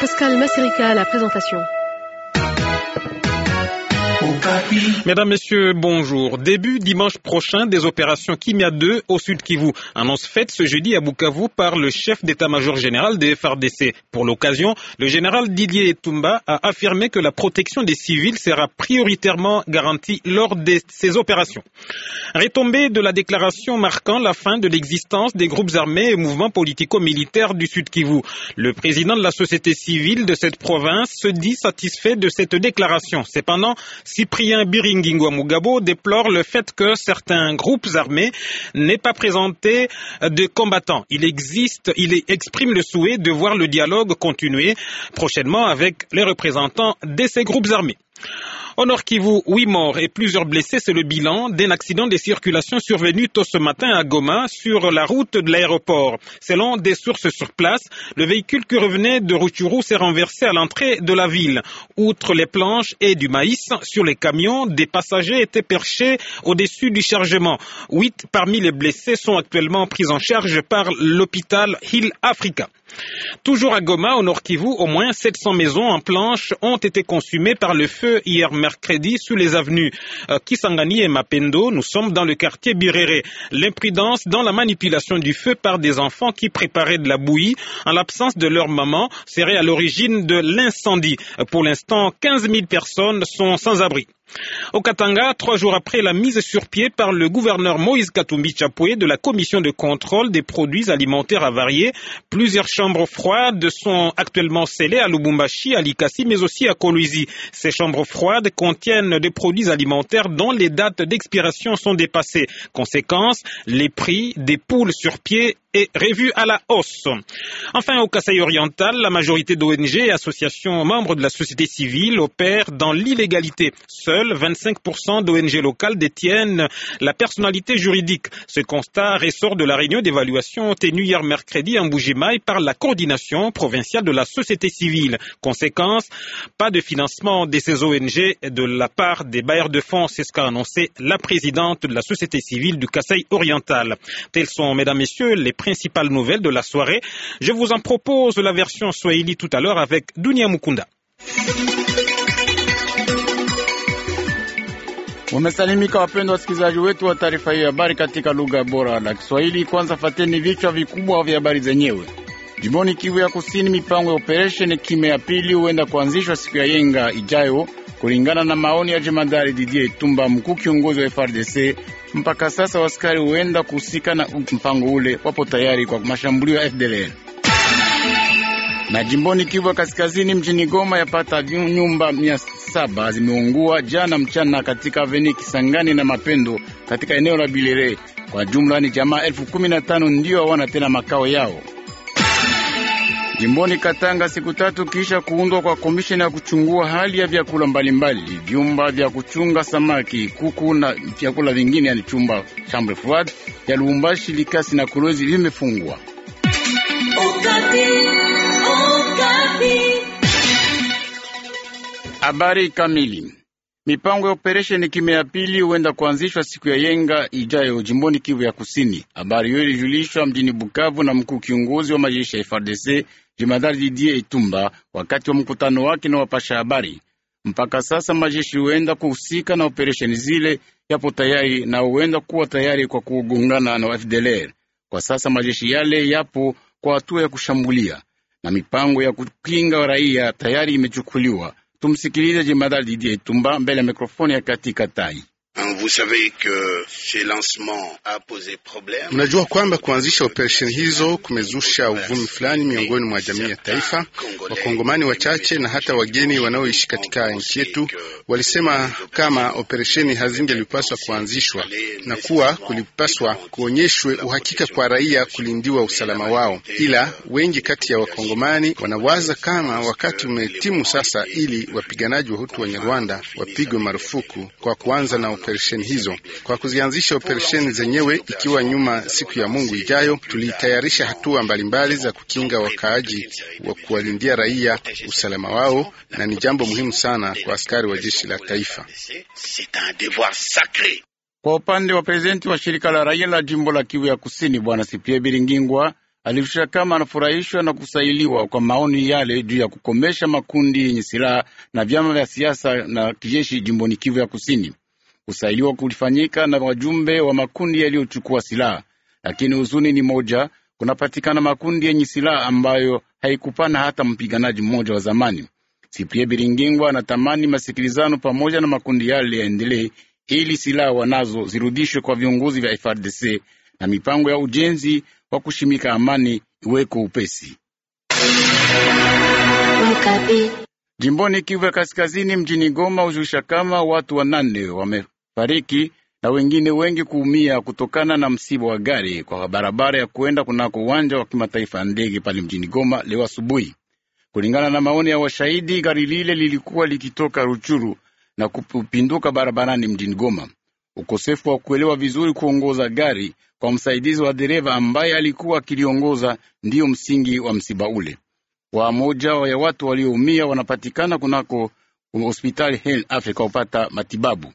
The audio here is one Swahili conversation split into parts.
Pascal Masserica à la présentation. Mesdames, Messieurs, bonjour. Début dimanche prochain des opérations Kimia 2 au sud Kivu. Annonce faite ce jeudi à Bukavu par le chef d'état-major général des FRDC. Pour l'occasion, le général Didier Etumba a affirmé que la protection des civils sera prioritairement garantie lors de ces opérations. Retombée de la déclaration marquant la fin de l'existence des groupes armés et mouvements politico-militaires du sud Kivu. Le président de la société civile de cette province se dit satisfait de cette déclaration. Cependant, Cyprien Biringingwa Mugabo déplore le fait que certains groupes armés n'aient pas présenté de combattants. Il existe, il exprime le souhait de voir le dialogue continuer prochainement avec les représentants de ces groupes armés. Honor Nord Kivu, huit morts et plusieurs blessés, c'est le bilan d'un accident de circulation survenu tôt ce matin à Goma sur la route de l'aéroport. Selon des sources sur place, le véhicule qui revenait de Rutshuru s'est renversé à l'entrée de la ville. Outre les planches et du maïs sur les camions, des passagers étaient perchés au-dessus du chargement. Huit parmi les blessés sont actuellement pris en charge par l'hôpital Hill Africa. Toujours à Goma, au Nord Kivu, au moins 700 maisons en planche ont été consumées par le feu hier mercredi sous les avenues euh, Kisangani et Mapendo. Nous sommes dans le quartier Birere. L'imprudence dans la manipulation du feu par des enfants qui préparaient de la bouillie en l'absence de leur maman serait à l'origine de l'incendie. Euh, pour l'instant, 15 000 personnes sont sans abri. Au Katanga, trois jours après la mise sur pied par le gouverneur Moïse Katumbi Chapoué de la commission de contrôle des produits alimentaires avariés, plusieurs chambres froides sont actuellement scellées à Lubumbashi, à Likasi, mais aussi à Kolwezi. Ces chambres froides contiennent des produits alimentaires dont les dates d'expiration sont dépassées. Conséquence, les prix des poules sur pied est revu à la hausse. Enfin, au Kassai oriental, la majorité d'ONG et associations membres de la société civile opèrent dans l'illégalité seuls 25% d'ONG locales détiennent la personnalité juridique. Ce constat ressort de la réunion d'évaluation tenue hier mercredi en Bougimaï par la coordination provinciale de la société civile. Conséquence, pas de financement de ces ONG de la part des bailleurs de fonds, c'est ce qu'a annoncé la présidente de la société civile du Kassai oriental. Telles sont, mesdames, messieurs, les principales nouvelles de la soirée. Je vous en propose la version Swahili tout à l'heure avec Dunia Mukunda. Umesalimika wapendwa wasikilizaji wetu wa taarifa hiyo habari katika lugha bora la Kiswahili. Kwanza fateni vichwa vikubwa vya habari zenyewe. Jimboni Kivu ya Kusini, mipango ya operesheni kime ya pili huenda kuanzishwa siku ya yenga ijayo, kulingana na maoni ya jemadari Didier Itumba, mkuu kiongozi wa FRDC. Mpaka sasa wasikari huenda kuhusika na mpango ule wapo tayari kwa mashambulio ya FDLR na jimboni Kivu ya Kaskazini, mjini Goma yapata nyumba mia saba zimeungua jana mchana katika aveni Kisangani na Mapendo katika eneo la Bilere. Kwa jumla ni jamaa elfu kumi na tano ndiyo hawana tena makao yao. Jimboni Katanga, siku tatu kisha kuundwa kwa komisheni ya kuchungua hali ya vyakula mbalimbali mbali, vyumba vya kuchunga samaki, kuku na vyakula vingine, yani chumba chambre froide ya Lubumbashi, Likasi na Kolwezi vimefungwa. Habari kamili. Mipango ya operesheni kime ya pili huenda kuanzishwa siku ya yenga ijayo jimboni Kivu ya Kusini. Habari hiyo ilijulishwa mjini Bukavu na mkuu kiongozi wa majeshi ya frdc jemadari Didier Itumba wakati wa mkutano wake na wapasha habari. Mpaka sasa majeshi huenda kuhusika na operesheni zile yapo tayari na huenda kuwa tayari kwa kugungana na FDLR. Kwa sasa majeshi yale yapo kwa hatua ya kushambulia na mipango ya kukinga raia tayari imechukuliwa. Tumsikilize Jemadari Didie tumba mbele ya mikrofoni ya katika Vous savez que a posé Mnajua kwamba kuanzisha operesheni hizo kumezusha uvumi fulani miongoni mwa jamii ya taifa. Wakongomani wachache na hata wageni wanaoishi katika nchi yetu walisema kama operesheni hazingelipaswa kuanzishwa na kuwa kulipaswa kuonyeshwe uhakika kwa raia kulindiwa usalama wao, ila wengi kati ya wakongomani wanawaza kama wakati umetimu sasa ili wapiganaji wa Hutu wenye Rwanda wapigwe marufuku kwa kuanza na operesheni operesheni hizo. Kwa kuzianzisha operesheni zenyewe ikiwa nyuma siku ya Mungu ijayo, tulitayarisha hatua mbalimbali za kukinga wakaaji wa kuwalindia raia usalama wao, na ni jambo muhimu sana kwa askari wa jeshi la taifa. Kwa upande wa prezidenti wa shirika la raia la jimbo la Kivu ya Kusini, Bwana Sipie Biringingwa alifusha kama anafurahishwa na kusailiwa kwa maoni yale juu ya kukomesha makundi yenye silaha na vyama vya siasa na kijeshi jimboni Kivu ya Kusini kusailiwa kulifanyika na wajumbe wa makundi yaliyochukua silaha, lakini huzuni ni moja, kunapatikana makundi yenye silaha ambayo haikupana hata mpiganaji mmoja wa zamani. Sipie Biringingwa anatamani masikilizano pamoja na makundi yale yaendelee, ili silaha wanazo zirudishwe kwa viongozi vya FRDC na mipango ya ujenzi wa kushimika amani iweko upesi. Jimboni Kivu ya Kaskazini, mjini Goma, hujulisha kama watu wanane wame kufariki na wengine wengi kuumia kutokana na msiba wa gari kwa barabara ya kuenda kunako uwanja wa kimataifa ya ndege pale mjini Goma leo asubuhi. Kulingana na maoni ya washahidi, gari lile lilikuwa likitoka Ruchuru na kupinduka barabarani mjini Goma. Ukosefu wa kuelewa vizuri kuongoza gari kwa msaidizi wa dereva ambaye alikuwa akiliongoza ndiyo msingi wa msiba ule. Wamoja ya watu walioumia wanapatikana kunako hospitali africa upata matibabu.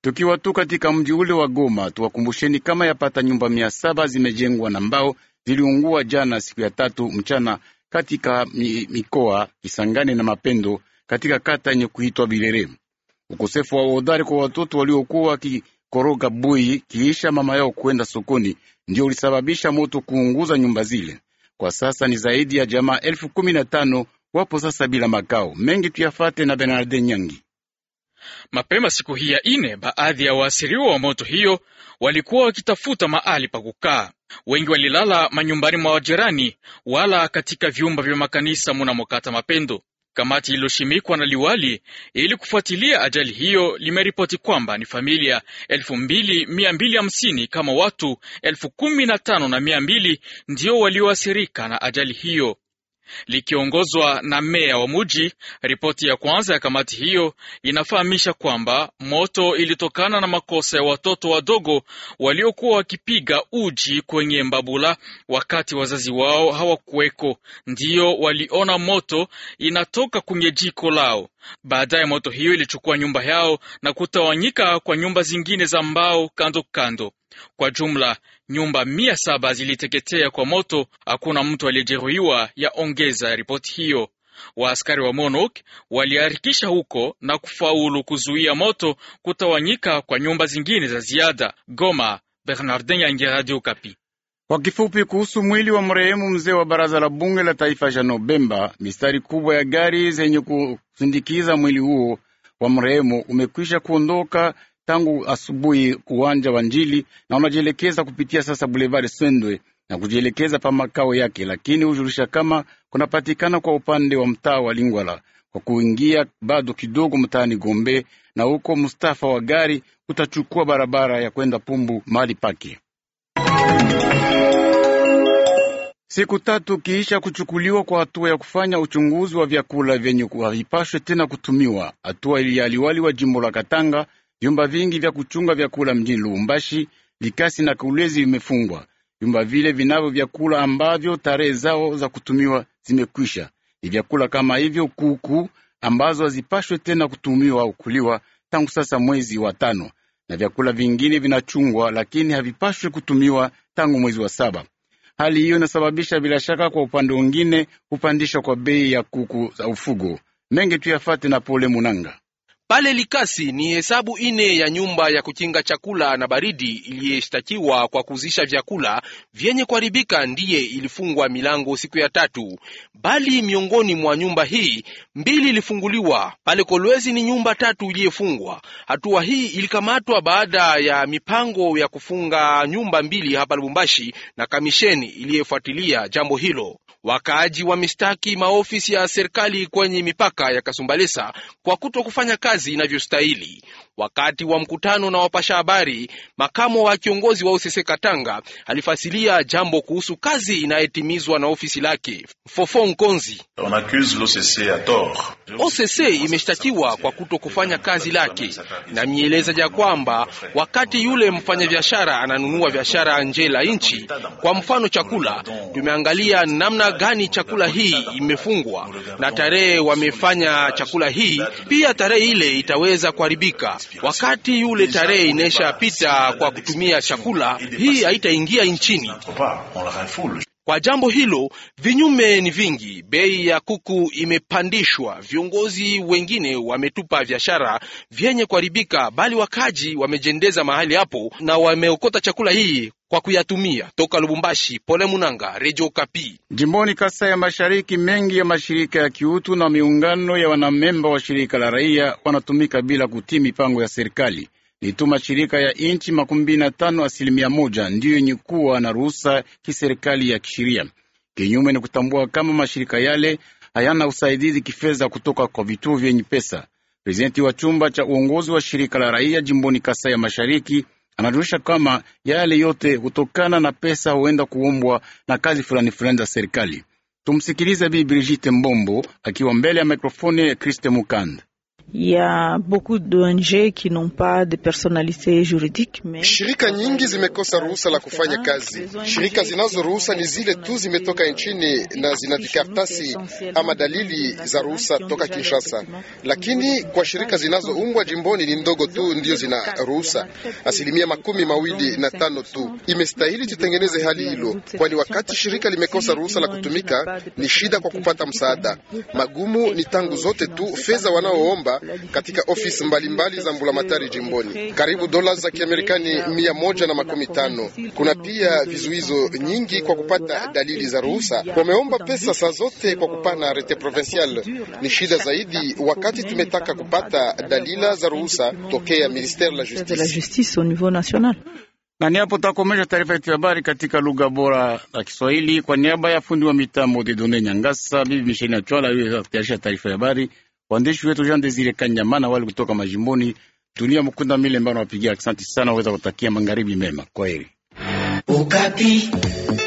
Tukiwa tu katika mji ule wa Goma, tuwakumbusheni kama yapata nyumba mia saba zimejengwa na mbao ziliungua jana siku ya tatu mchana katika mikoa Kisangani na Mapendo katika kata yenye kuitwa Bilere. Ukosefu wa uhodari kwa watoto waliokuwa wakikoroga bui kiisha mama yao kwenda sokoni ndio ulisababisha moto kuunguza nyumba zile. Kwa sasa ni zaidi ya jamaa elfu kumi na tano wapo sasa bila makao. Mengi tuyafate na Benarde Nyangi. Mapema siku hii ya ine, baadhi ya waasiriwa wa moto hiyo walikuwa wakitafuta mahali pa kukaa. Wengi walilala manyumbani mwa wajirani wala katika vyumba vya makanisa munamokata Mapendo. Kamati iliyoshimikwa na liwali ili kufuatilia ajali hiyo limeripoti kwamba ni familia 2250 kama watu 15200 ndio walioathirika na ajali hiyo likiongozwa na meya wa muji. Ripoti ya kwanza ya kamati hiyo inafahamisha kwamba moto ilitokana na makosa ya watoto wadogo waliokuwa wakipiga uji kwenye mbabula wakati wazazi wao hawakuweko, ndiyo waliona moto inatoka kwenye jiko lao. Baadaye moto hiyo ilichukua nyumba yao na kutawanyika kwa nyumba zingine za mbao kando kando. Kwa jumla nyumba mia saba ziliteketea kwa moto. Hakuna mtu aliyejeruhiwa, yaongeza ripoti hiyo. Waaskari wa MONUC waliharikisha huko na kufaulu kuzuia moto kutawanyika kwa nyumba zingine za ziada. Goma, Bernardin Yange, Radio Okapi. Kwa kifupi kuhusu mwili wa marehemu mzee wa baraza la bunge la taifa Jano Bemba, mistari kubwa ya gari zenye kusindikiza mwili huo wa marehemu umekwisha kuondoka tangu asubuhi uwanja wa Njili na unajielekeza kupitia sasa Boulevard Sendwe na kujielekeza pa makao yake, lakini hujulisha kama kunapatikana kwa upande wa mtaa wa Lingwala kwa kuingia bado kidogo mtaani Gombe, na huko Mustafa wa gari utachukua barabara ya kwenda Pumbu mahali pake. Siku tatu kiisha kuchukuliwa kwa hatua ya kufanya uchunguzi wa vyakula vyenye havipashwe tena kutumiwa, hatua ya liwali wa jimbo la Katanga Vyumba vingi vya kuchunga vyakula mjini Lubumbashi, Likasi na Kaulezi vimefungwa. Vyumba vile vinavyo vyakula ambavyo tarehe zao za kutumiwa zimekwisha. Ni vyakula kama hivyo kuku ambazo hazipashwe tena kutumiwa au kuliwa tangu sasa mwezi wa tano, na vyakula vingine vinachungwa lakini havipashwe kutumiwa tangu mwezi wa saba. Hali hiyo inasababisha bila shaka, kwa upande mwingine, kupandishwa kwa bei ya kuku za ufugo. Mengi tuyafate na Pole Munanga. Pale Likasi ni hesabu ine ya nyumba ya kukinga chakula na baridi iliyeshtakiwa kwa kuzisha vyakula vyenye kuharibika ndiye ilifungwa milango siku ya tatu, bali miongoni mwa nyumba hii mbili ilifunguliwa. Pale Kolwezi ni nyumba tatu iliyefungwa. Hatua hii ilikamatwa baada ya mipango ya kufunga nyumba mbili hapa Lubumbashi na kamisheni iliyefuatilia jambo hilo. Wakaaji wameshtaki maofisi ya serikali kwenye mipaka ya Kasumbalesa kwa kuto kufanya kazi inavyostahili. Wakati wa mkutano na wapasha habari, makamo wa kiongozi wa usese Katanga alifasilia jambo kuhusu kazi inayetimizwa na ofisi lake. Fofo Nkonzi: osese imeshtakiwa kwa kuto kufanya kazi lake, na mieleza ja kwamba wakati yule mfanya viashara ananunua biashara nje la nchi, kwa mfano chakula, tumeangalia namna gani chakula hii imefungwa na tarehe wamefanya chakula hii, pia tarehe ile itaweza kuharibika wakati yule tarehe inaisha kwa kutumia chakula, hii haitaingia nchini. Kwa jambo hilo vinyume ni vingi. Bei ya kuku imepandishwa, viongozi wengine wametupa biashara vyenye kuharibika, bali wakaji wamejendeza mahali hapo na wameokota chakula hii kwa kuyatumia. Toka Lubumbashi, Pole Munanga, Redio Kapi. Jimboni Kasa ya Mashariki, mengi ya mashirika ya kiutu na miungano ya wanamemba wa shirika la raia wanatumika bila kutii mipango ya serikali lituma shirika ya inchi makumi mbili na tano asilimia moja ndiyo yenye kuwa na ruhusa kiserikali ya kisheria. Kinyume ni kutambua kama mashirika yale hayana usaidizi kifedha kutoka kwa vituo vyenye pesa. Prezidenti wa chumba cha uongozi wa shirika la raia jimboni Kasai ya Mashariki anajulisha kama yale yote hutokana na pesa huenda kuombwa na kazi fulani fulani za serikali. Tumsikilize Bi Brigitte Mbombo akiwa mbele ya mikrofoni ya Kriste Mukanda. Il y a beaucoup d'ONG qui n'ont pas de personnalité juridique mais... Shirika nyingi zimekosa ruhusa la kufanya kazi. Shirika zinazo ruhusa ni zile tu zimetoka nchini na zina vikartasi ama dalili za ruhusa toka Kinshasa, lakini kwa shirika zinazoungwa jimboni ni ndogo tu ndio zina ruhusa, asilimia makumi mawili na tano tu. Imestahili tutengeneze hali hilo, kwani wakati shirika limekosa ruhusa la kutumika ni shida kwa kupata msaada. Magumu ni tangu zote tu fedha wanaoomba saba katika ofisi mbalimbali za Mbulamatari jimboni, karibu dola za Kiamerikani mia moja na makumi tano. Kuna pia vizuizo nyingi kwa kupata dalili za ruhusa. Wameomba pesa saa zote kwa kupana rete provincial. Ni shida zaidi wakati tumetaka kupata dalila za ruhusa tokea ministere la justice au niveau national na ni hapo takomesha taarifa yetu ya habari katika lugha bora la Kiswahili. Kwa niaba ya fundi wa mitambo Dedone Nyangasa, bibi Misheli Achwala aliyetayarisha taarifa ya habari. Waandishi wetu Jean Desire Kanyama na wale kutoka majimboni. tunia Mkunda Milemba nawapigia aksanti sana, waweza kutakia magharibi mema. kwa Kwaheri.